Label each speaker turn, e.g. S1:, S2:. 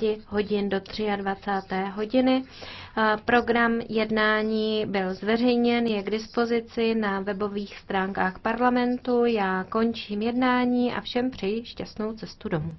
S1: 15 hodin do 23. hodiny. Program jednání byl zveřejněn, je k dispozici na webových stránkách parlamentu. Já končím jednání a všem přeji šťastnou cestu domů.